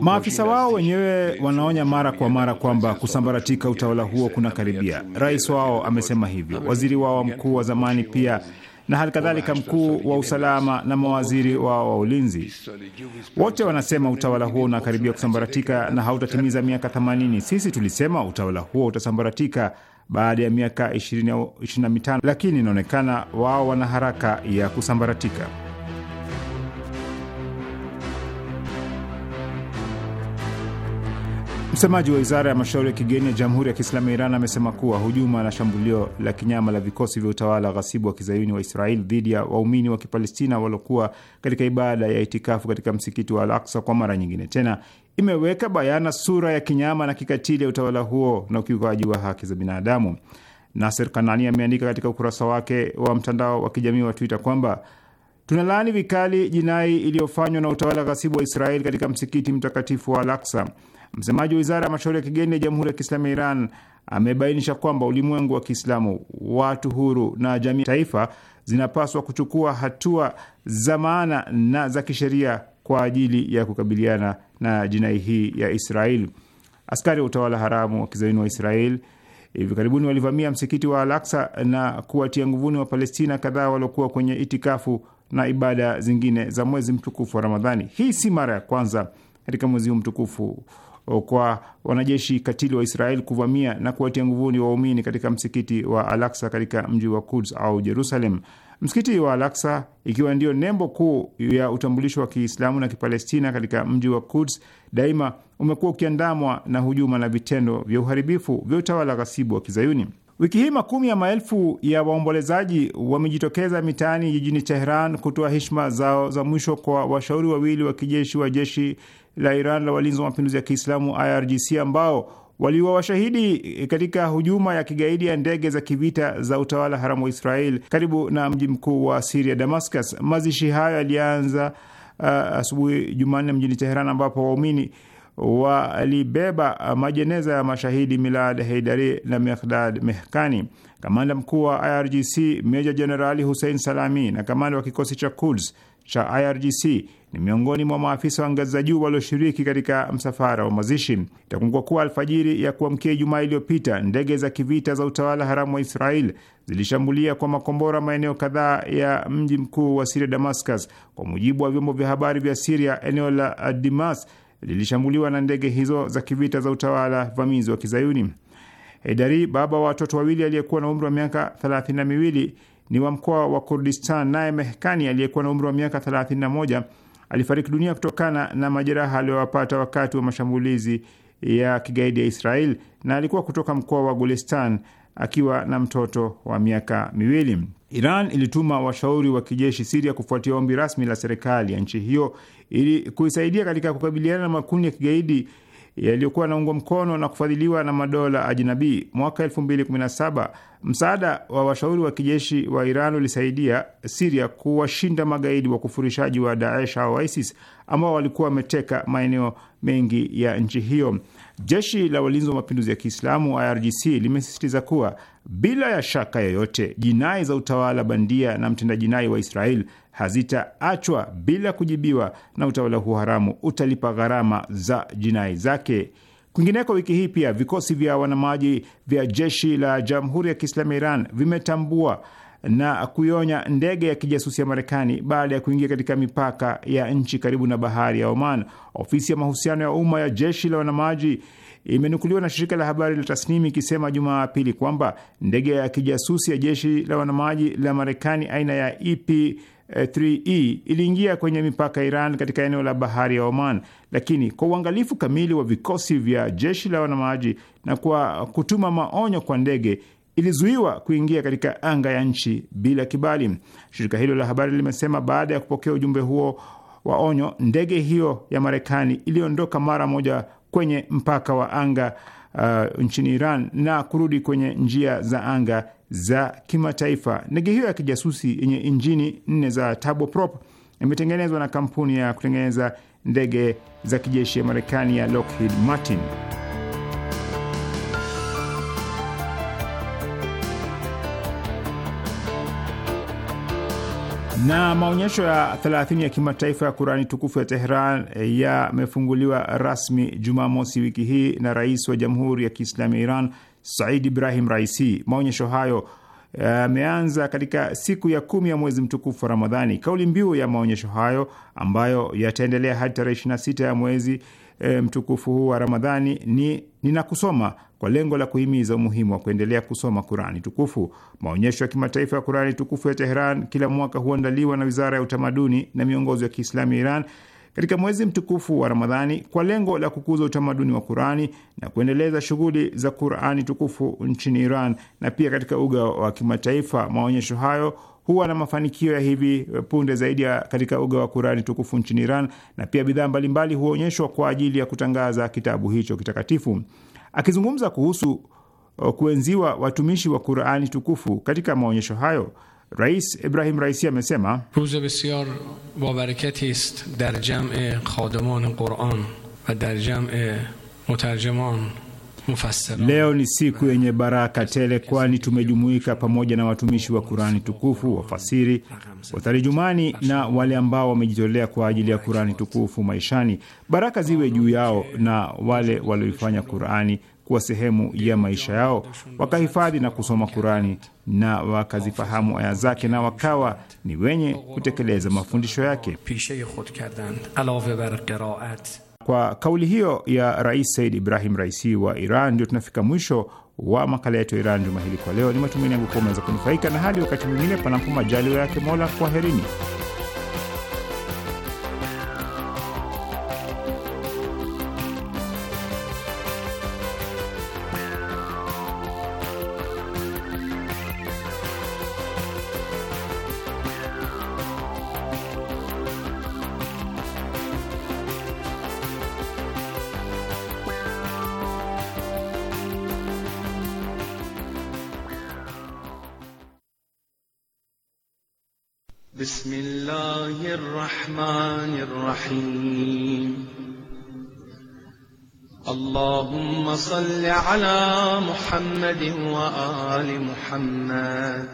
maafisa wao wenyewe wanaonya mara kwa mara kwamba kusambaratika utawala huo kunakaribia. Rais wao amesema hivyo, waziri wao mkuu wa zamani pia na hali kadhalika mkuu wa usalama na mawaziri wao wa ulinzi. Wote wanasema utawala huo unakaribia kusambaratika na hautatimiza miaka 80. Sisi tulisema utawala huo utasambaratika baada ya miaka 20 au 25, lakini inaonekana wao wana haraka ya kusambaratika. Msemaji wa wizara ya mashauri ya kigeni ya Jamhuri ya Kiislamu ya Iran amesema kuwa hujuma na shambulio la kinyama la vikosi vya utawala ghasibu wa kizayuni wa israel dhidi ya waumini wa Kipalestina waliokuwa katika ibada ya itikafu katika msikiti wa Al Aksa kwa mara nyingine tena imeweka bayana sura ya kinyama na kikatili ya utawala huo na ukiukaji wa haki za binadamu. Naser Kanani ameandika katika ukurasa wake wa mtandao wa kijamii wa Twitter kwamba tunalaani vikali jinai iliyofanywa na utawala ghasibu wa Israeli katika msikiti mtakatifu wa Al Aksa. Msemaji wa wizara ya mashauri ya kigeni ya Jamhuri ya Kiislamu ya Iran amebainisha kwamba ulimwengu wa Kiislamu, watu huru na jamii taifa zinapaswa kuchukua hatua za maana na za kisheria kwa ajili ya kukabiliana na jinai hii ya Israel. Askari wa utawala haramu wa kizaini wa Israel hivi karibuni walivamia msikiti wa Al-Aqsa na kuwatia nguvuni wa Palestina kadhaa waliokuwa kwenye itikafu na ibada zingine za mwezi mtukufu wa Ramadhani. Hii si mara ya kwanza katika mwezi huu mtukufu kwa wanajeshi katili wa Israel kuvamia na kuwatia nguvuni waumini katika msikiti wa alaksa katika mji wa kuds au Jerusalem. Msikiti wa alaksa ikiwa ndiyo nembo kuu ya utambulisho wa Kiislamu na Kipalestina katika mji wa kuds daima umekuwa ukiandamwa na hujuma na vitendo vya uharibifu vya utawala ghasibu wa Kizayuni. Wiki hii makumi ya maelfu ya waombolezaji wamejitokeza mitaani jijini Teheran kutoa heshima zao za mwisho kwa washauri wawili wa kijeshi wa jeshi la Iran la walinzi wa mapinduzi ya Kiislamu IRGC ambao waliwa washahidi katika hujuma ya kigaidi ya ndege za kivita za utawala haramu wa Israel karibu na mji mkuu wa Siria, Damascus. Mazishi hayo yalianza uh, asubuhi Jumanne mjini Teheran, ambapo waumini walibeba majeneza ya mashahidi Milad Heidari na Mihdad Mehkani. Kamanda mkuu wa IRGC Meja Jenerali Hussein Salami na kamanda wa kikosi cha Quds cha IRGC ni miongoni mwa maafisa wa ngazi za juu walioshiriki katika msafara wa mazishi. Itakumbukwa kuwa alfajiri ya kuamkia Ijumaa iliyopita ndege za kivita za utawala haramu wa Israel zilishambulia kwa makombora maeneo kadhaa ya mji mkuu wa Siria, Damascus. Kwa mujibu wa vyombo vya habari vya Siria, eneo la Dimas lilishambuliwa na ndege hizo za kivita za utawala vamizi wa Kizayuni. Heidari, baba wa watoto wawili, aliyekuwa na umri wa miaka thelathini na miwili ni wa mkoa wa Kurdistan. Naye Mehkani aliyekuwa na umri wa miaka 31 alifariki dunia kutokana na majeraha aliyowapata wakati wa mashambulizi ya kigaidi ya Israel na alikuwa kutoka mkoa wa Gulistan akiwa na mtoto wa miaka miwili. Iran ilituma washauri wa kijeshi Siria kufuatia ombi rasmi la serikali ya nchi hiyo ili kuisaidia katika kukabiliana na makundi ya kigaidi yaliyokuwa yanaungwa mkono na kufadhiliwa na madola ajinabii. Mwaka 2017 msaada wa washauri wa kijeshi wa Iran ulisaidia Siria kuwashinda magaidi wa kufurishaji wa Daesh au ISIS ambao walikuwa wameteka maeneo mengi ya nchi hiyo. Jeshi la Walinzi wa Mapinduzi ya Kiislamu IRGC limesisitiza kuwa bila ya shaka yoyote jinai za utawala bandia na mtenda jinai wa Israel hazitaachwa bila kujibiwa, na utawala huo haramu utalipa gharama za jinai zake. Kwingineko, wiki hii pia vikosi vya wanamaji vya jeshi la Jamhuri ya Kiislamu ya Iran vimetambua na kuionya ndege ya kijasusi ya Marekani baada ya kuingia katika mipaka ya nchi karibu na bahari ya Oman. Ofisi ya mahusiano ya umma ya jeshi la wanamaji imenukuliwa na shirika la habari la Tasnimi ikisema Jumapili kwamba ndege ya kijasusi ya jeshi la wanamaji la Marekani aina ya EP3E e iliingia kwenye mipaka ya Iran katika eneo la bahari ya Oman, lakini kwa uangalifu kamili wa vikosi vya jeshi la wanamaji na kwa kutuma maonyo kwa ndege ilizuiwa kuingia katika anga ya nchi bila kibali. Shirika hilo la habari limesema baada ya kupokea ujumbe huo wa onyo, ndege hiyo ya Marekani iliondoka mara moja kwenye mpaka wa anga uh, nchini Iran na kurudi kwenye njia za anga za kimataifa. Ndege hiyo ya kijasusi yenye injini nne za turboprop imetengenezwa na kampuni ya kutengeneza ndege za kijeshi ya Marekani ya Lockheed Martin. Na maonyesho ya 30 ya kimataifa ya Kurani tukufu ya Tehran eh, yamefunguliwa rasmi Jumamosi wiki hii na rais wa Jamhuri ya Kiislamu ya Iran Said Ibrahim Raisi. Maonyesho hayo eh, yameanza katika siku ya kumi ya mwezi mtukufu wa Ramadhani. Kauli mbiu ya maonyesho hayo ambayo yataendelea hadi tarehe 26 ya mwezi e, mtukufu huu wa Ramadhani ni ninakusoma kwa lengo la kuhimiza umuhimu wa kuendelea kusoma Kurani tukufu. Maonyesho ya kimataifa ya Kurani tukufu ya Teheran kila mwaka huandaliwa na Wizara ya Utamaduni na Miongozo ya Kiislamu ya Iran katika mwezi mtukufu wa Ramadhani kwa lengo la kukuza utamaduni wa Qurani na kuendeleza shughuli za Qurani tukufu nchini Iran na pia katika uga wa kimataifa. Maonyesho hayo huwa na mafanikio ya hivi eh, punde zaidi ya katika uga wa Kurani tukufu nchini Iran, na pia bidhaa mbalimbali huonyeshwa kwa ajili ya kutangaza kitabu hicho kitakatifu. Akizungumza kuhusu eh, kuenziwa watumishi wa Qurani tukufu katika maonyesho hayo, Rais Ibrahim Raisi amesema ruze besyar dar jame khademan quran va dar jame mutarjiman Leo ni siku yenye baraka tele, kwani tumejumuika pamoja na watumishi wa Kurani tukufu, wafasiri, watarijumani na wale ambao wamejitolea kwa ajili ya Kurani tukufu maishani. Baraka ziwe juu yao na wale walioifanya Kurani kuwa sehemu ya maisha yao, wakahifadhi na kusoma Kurani na wakazifahamu aya zake na wakawa ni wenye kutekeleza mafundisho yake. Kwa kauli hiyo ya Rais Said Ibrahim Raisi wa Iran, ndio tunafika mwisho wa makala yetu ya Iran juma hili kwa leo. Ni matumaini yangu kuwa umeweza kunufaika, na hadi wakati mwingine, panapo majaliwa yake Mola, kwaherini. صل على محمد وآل محمد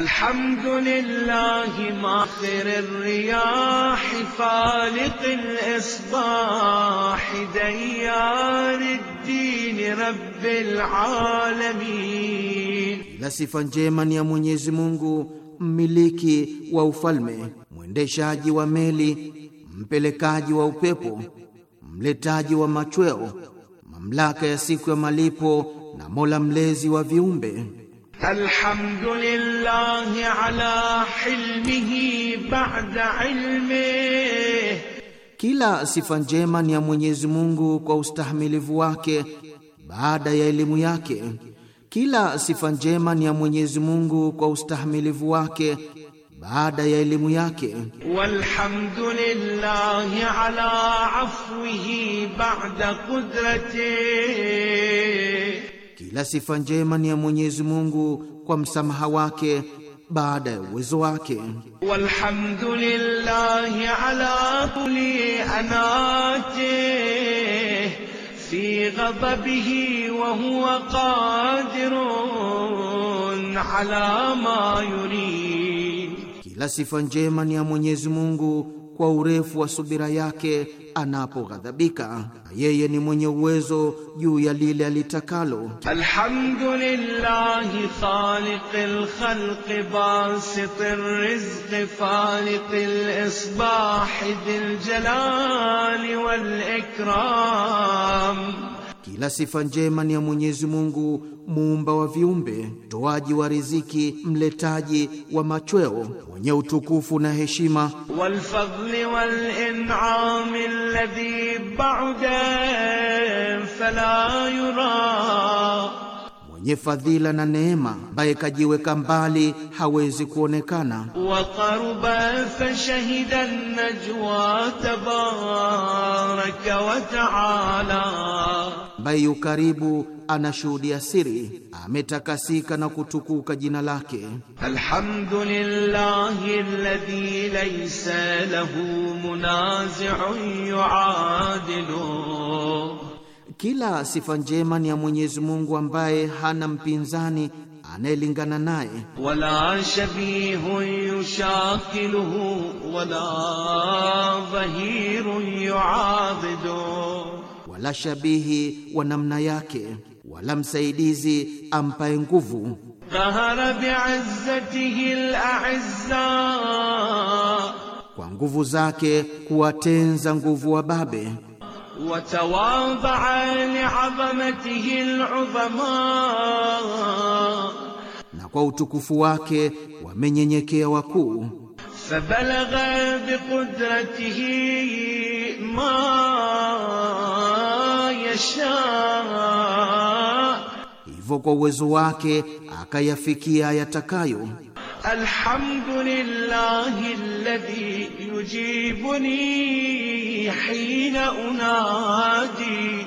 الحمد لله ماخر الرياح فالق الإصباح ديار الدين رب العالمين na جيما يا منيز مونغو Mwenyezi mmiliki wa ufalme mwendeshaji wa meli mpelekaji wa upepo mletaji wa machweo, mamlaka ya siku ya malipo na Mola mlezi wa viumbe. Alhamdulillahi ala hilmihi ba'da ilmi, kila sifa njema ni ya Mwenyezi Mungu kwa ustahimilivu wake baada ya elimu yake. Kila sifa njema ni ya Mwenyezi Mungu kwa ustahimilivu wake baada ya elimu yake. Walhamdulillahi ala afwihi ba'da qudrati, kila sifa njema ni ya Mwenyezi Mungu kwa msamaha wake baada ya uwezo wake. Walhamdulillahi ala kulli anati fi ghadabihi wa huwa qadirun ala ma yurid ila sifa njema ni ya Mwenyezi Mungu kwa urefu wa subira yake anapoghadhabika, yeye ni mwenye uwezo juu ya lile alitakalo. Alhamdulillahi khaliqil khalqi basitir rizqi faliqil isbahi dhil jalali wal ikram kila sifa njema ni ya Mwenyezi Mungu, muumba wa viumbe, toaji wa riziki, mletaji wa machweo, mwenye utukufu na heshima. wal fadli wal in'am alladhi ba'da fala yura mwenye fadhila na neema, ambaye kajiweka mbali hawezi kuonekana. wa qaruba fashahida najwa tabaraka wa taala, ambaye yu karibu anashuhudia siri, ametakasika na kutukuka jina lake. Alhamdulillahi alladhi laysa lahu munazi'un yu'adilu kila sifa njema ni ya Mwenyezi Mungu ambaye hana mpinzani anayelingana naye. wala shabihu yushakiluhu wala dhahiru yuadidu, wala shabihi wa namna yake wala msaidizi ampae nguvu. dhahara bi'izzatihi al kwa nguvu zake kuwatenza nguvu wa babe وتواضع لعظمته العظماء na kwa utukufu wake wamenyenyekea wakuu fabalagha biqudratihi ma yasha hivyo kwa uwezo wake akayafikia yatakayo الحمد لله الذي يجيبني حين unadi.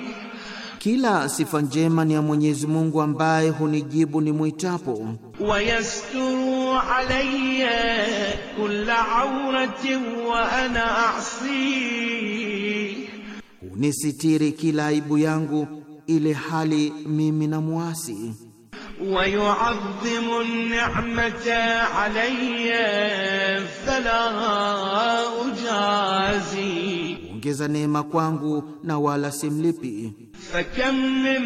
Kila sifa njema ni ya Mwenyezi Mungu ambaye hunijibu ni mwitapo. Wayasturu alayya kulla auratin wa ana asi, hunisitiri kila aibu yangu ile hali mimi na muasi. ويعظم النعمة علي فلا أجازي ongeza neema kwangu na wala simlipi. fakam min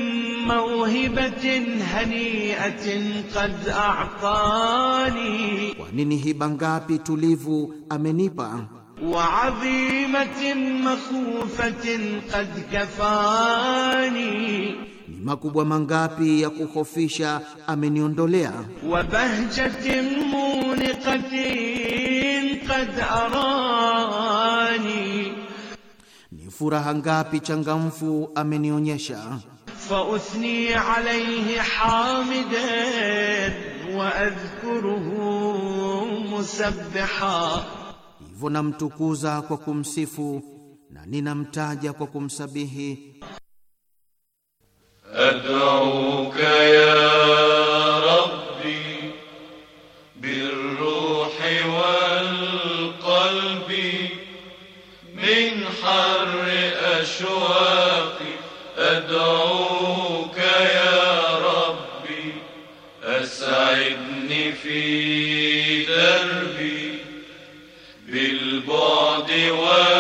mawhibatin haniatin qad a'tani, kwa nini hiba ngapi tulivu amenipa. وعظيمة مخوفة قد كفاني ni makubwa mangapi ya kuhofisha ameniondolea. wa bahjatin muniqatin qad arani, ni furaha ngapi changamfu amenionyesha. fa uthni alayhi hamidan wa adhkuruhu musabbihan hivyo kwa kumsifu na ninamtaja kwa kumsabihi. Ad'uka ya rabbi birruhi walqalbi min harri ashwa was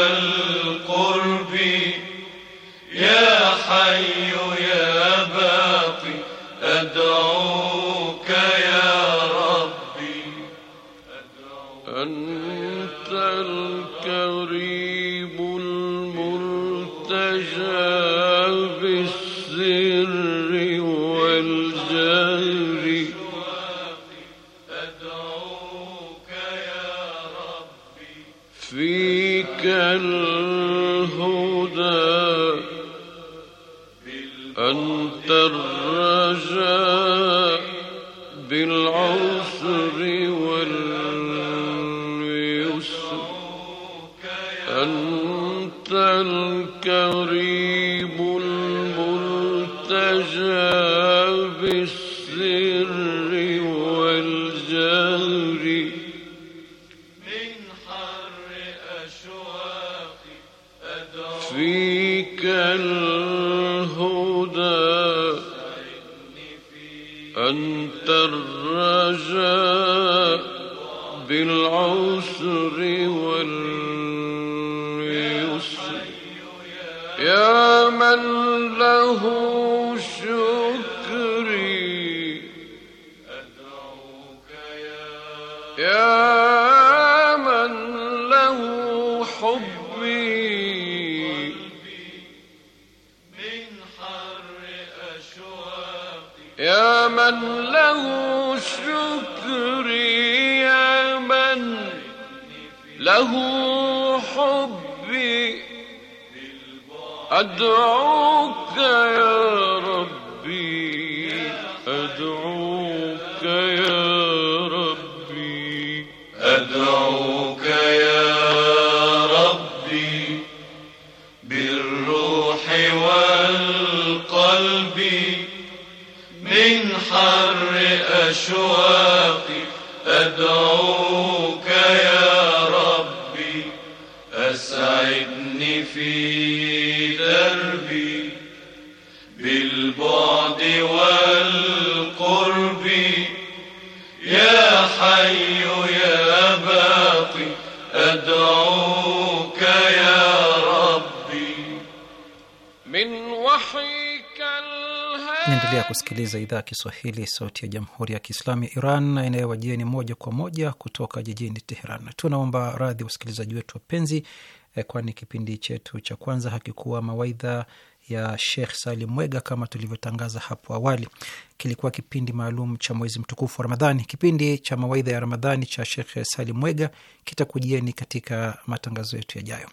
الكريم المرتجى بالسر والجهر من حر أشواق أدعو فيك الكريم أدعوك يا kusikiliza idhaa ya Kiswahili, sauti ya jamhuri ya kiislamu ya Iran inayowajieni moja kwa moja kutoka jijini Teheran. Tunaomba radhi wasikilizaji wetu wapenzi Eh, kwani kipindi chetu cha kwanza hakikuwa mawaidha ya Shekh Salim Mwega kama tulivyotangaza hapo awali. Kilikuwa kipindi maalum cha mwezi mtukufu wa Ramadhani. Kipindi cha mawaidha ya Ramadhani cha Shekh Salim Mwega kitakujieni katika matangazo yetu yajayo.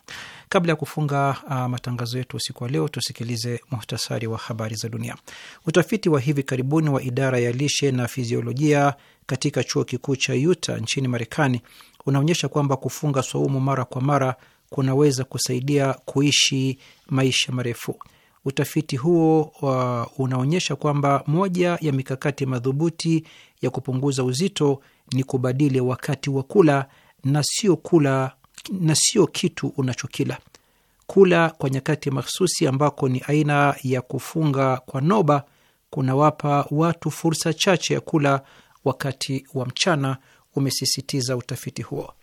Kabla ya kufunga uh, matangazo yetu usiku wa leo, tusikilize muhtasari wa habari za dunia. Utafiti wa hivi karibuni wa idara ya lishe na fiziolojia katika chuo kikuu cha Utah nchini Marekani unaonyesha kwamba kufunga swaumu mara kwa mara kunaweza kusaidia kuishi maisha marefu. Utafiti huo wa uh, unaonyesha kwamba moja ya mikakati madhubuti ya kupunguza uzito ni kubadili wakati wa kula na sio kula na sio kitu unachokila. Kula kwa nyakati mahsusi ambako ni aina ya kufunga kwa noba kunawapa watu fursa chache ya kula wakati wa mchana, umesisitiza utafiti huo.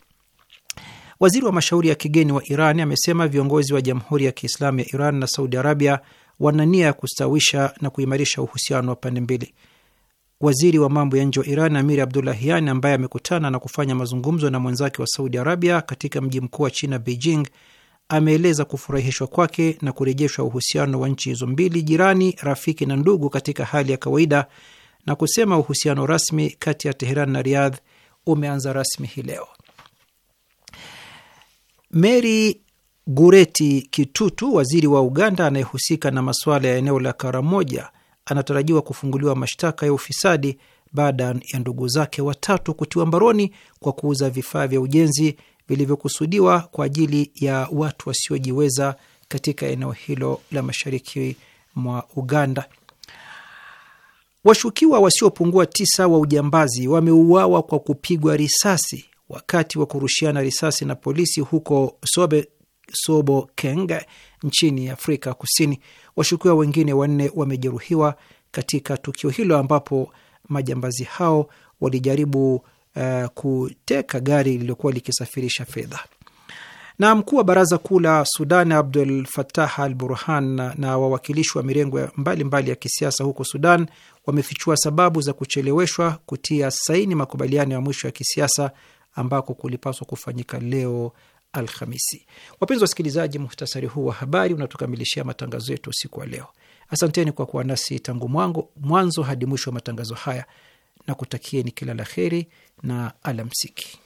Waziri wa mashauri ya kigeni wa Iran amesema viongozi wa Jamhuri ya Kiislamu ya Iran na Saudi Arabia wana nia ya kustawisha na kuimarisha uhusiano wa pande mbili. Waziri wa mambo ya nje wa Iran Amir Abdulahian, ambaye amekutana na kufanya mazungumzo na mwenzake wa Saudi Arabia katika mji mkuu wa China, Beijing, ameeleza kufurahishwa kwake na kurejeshwa uhusiano wa nchi hizo mbili jirani, rafiki na ndugu katika hali ya kawaida na kusema uhusiano rasmi kati ya Teheran na Riyadh umeanza rasmi hii leo. Mary Gureti Kitutu, waziri wa Uganda anayehusika na masuala ya eneo la Karamoja, anatarajiwa kufunguliwa mashtaka ya ufisadi baada ya ndugu zake watatu kutiwa mbaroni kwa kuuza vifaa vya ujenzi vilivyokusudiwa kwa ajili ya watu wasiojiweza katika eneo hilo la mashariki mwa Uganda. Washukiwa wasiopungua tisa wa ujambazi wameuawa kwa kupigwa risasi wakati wa kurushiana risasi na polisi huko Sobe, keng nchini Afrika Kusini. Washukiwa wengine wanne wamejeruhiwa katika tukio hilo ambapo majambazi hao walijaribu uh, kuteka gari lililokuwa likisafirisha fedha. Na mkuu wa baraza kuu la Sudan Abdul fatah al Burhan na, na wawakilishi wa mirengo mbalimbali ya kisiasa huko Sudan wamefichua sababu za kucheleweshwa kutia saini makubaliano ya mwisho ya kisiasa ambako kulipaswa kufanyika leo Alhamisi. Wapenzi wasikilizaji, muhtasari huu wa habari unatukamilishia matangazo yetu usiku wa leo. Asanteni kwa kuwa nasi tangu mwango, mwanzo hadi mwisho wa matangazo haya na kutakieni kila la heri na alamsiki.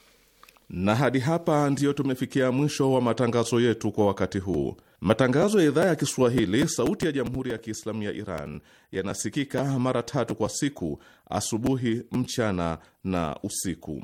Na hadi hapa ndiyo tumefikia mwisho wa matangazo yetu kwa wakati huu. Matangazo ya idhaa ya Kiswahili sauti ya Jamhuri ya Kiislamu ya Iran yanasikika mara tatu kwa siku: asubuhi, mchana na usiku.